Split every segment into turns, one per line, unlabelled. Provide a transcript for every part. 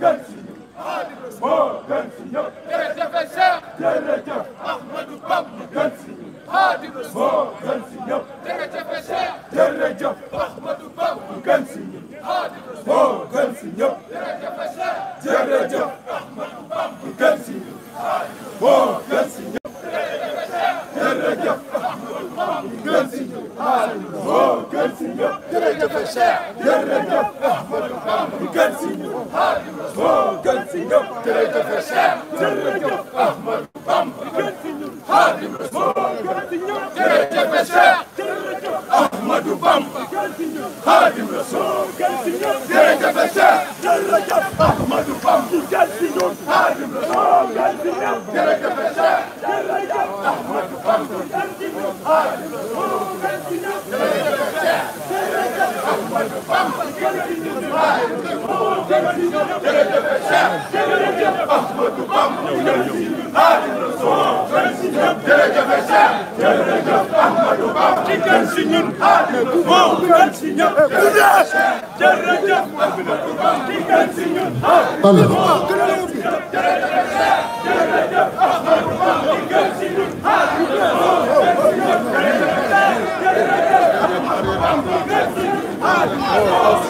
gën si ñun. moo gën si ñëpp. jërëjëf Cheikh. jërëjëf. Ahmadou Bamba gën si ñun. moo gën si ñëpp. jërëjëf Cheikh. jërëjëf. Ahmadou Bamba gën si ñun. moo gën si ñëpp. jërëjëf Cheikh. jërëjëf. Ahmadou Bamba gën si ñun. moo gën si ñëpp. jërëjëf Cheikh. jërëjëf. Ahmadou Bamba gën si ñun. moo gën si ñëpp. jërëjëf Cheikh. jërëjëf. jëfe Cheikh Ahmadou Bamba Xaadimu Rasuul jërëjëf Cheikh jërëjëf Ahmadou Bamba Xaadimu Rasuul jërëjëf Cheikh jërëjëf Ahmadou Bamba Xaadimu Rasuul jërëjëf Cheikh jërëjëf Ahmadou Bamba Xaadimu Rasuul jërëjëf Cheikh jërëjëf Ahmadou Bamba Alors. Oh,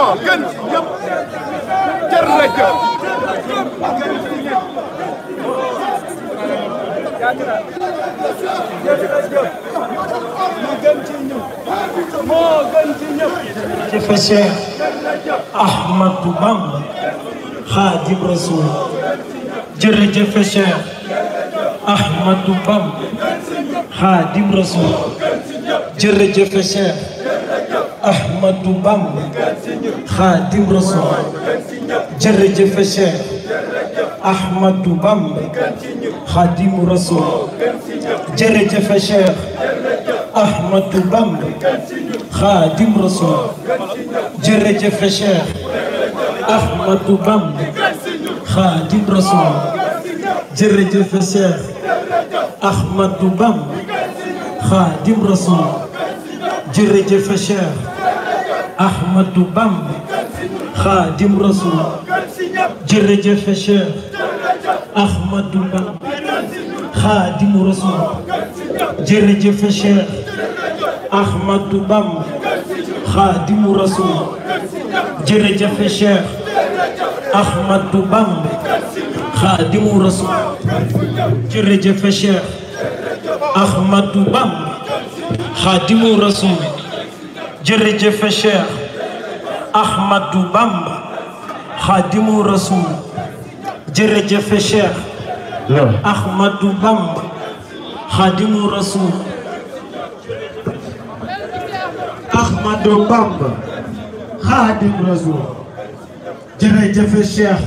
moo gën ñëpp jërëjëf. moo gën ci ñëpp. moo gën ci ñëpp. jëfe Cheikh Ahmadou Bamba Xaadimu Rasuul. jërëjëf Cheikh Ahmadou Bamba Xaadimu Rasuul. jërëjëf Cheikh. Ahmadou Bamba Xaadim Rasul jërëjëf Cheikh Ahmadou Bamba Xaadim Rasul jërëjëf Cheikh Ahmadou Bamba Xaadim Rasul jërëjëf Cheikh Ahmadou Bamba Xaadim Rasul jërëjëf Cheikh Ahmadou Bamba Xaadim Rasul jërëjëf Cheikh Ahmadou Bamba Khadim Rasoul jërëjëf Cheikh Ahmadou Bamba Khadim Rasoul jërëjëf Cheikh Ahmadou Bamba Khadim Rasoul jërëjëf Cheikh Ahmadou Bamba Khadim Rasoul jërëjëf Cheikh Ahmadou Bamba Khadim Rasoul jërëjëf Cheikh Ahmadou Bamba Khadimou Rasoul jërëjëf Cheikh Ahmadou Bamba Khadimou Rasoul Ahmadou Bamba Khadimou Rasoul jërëjëf Cheikh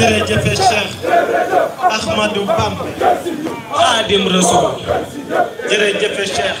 jërëjëf Cheikh Ahmadou Bamba Xaadim Rasul jërëjëf Cheikh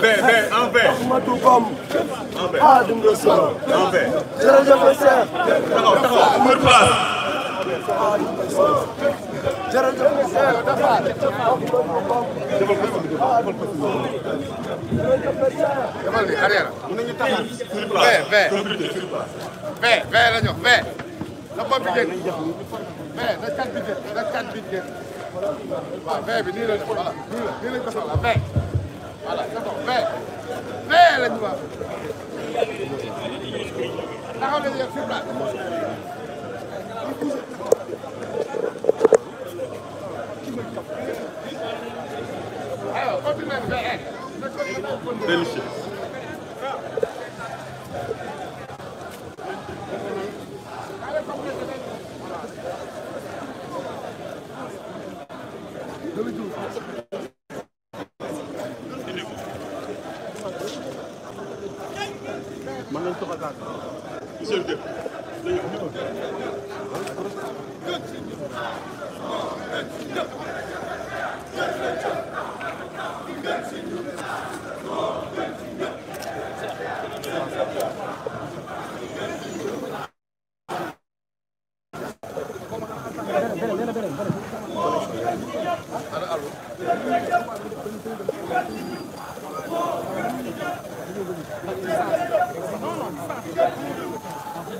mais mais en fait. Ahmadou Bam. en fait Xaadimu Rasuul. en fait. jërëjëf Seex. taxaw taxaw wër place. la ñu wax vee. na bi nii la voilà nii voilà c'est bon mais mais lañu wax taxaw nañu yegg sur place. aywa continué. mën nañ toog a gàllankoor. monsieur le député.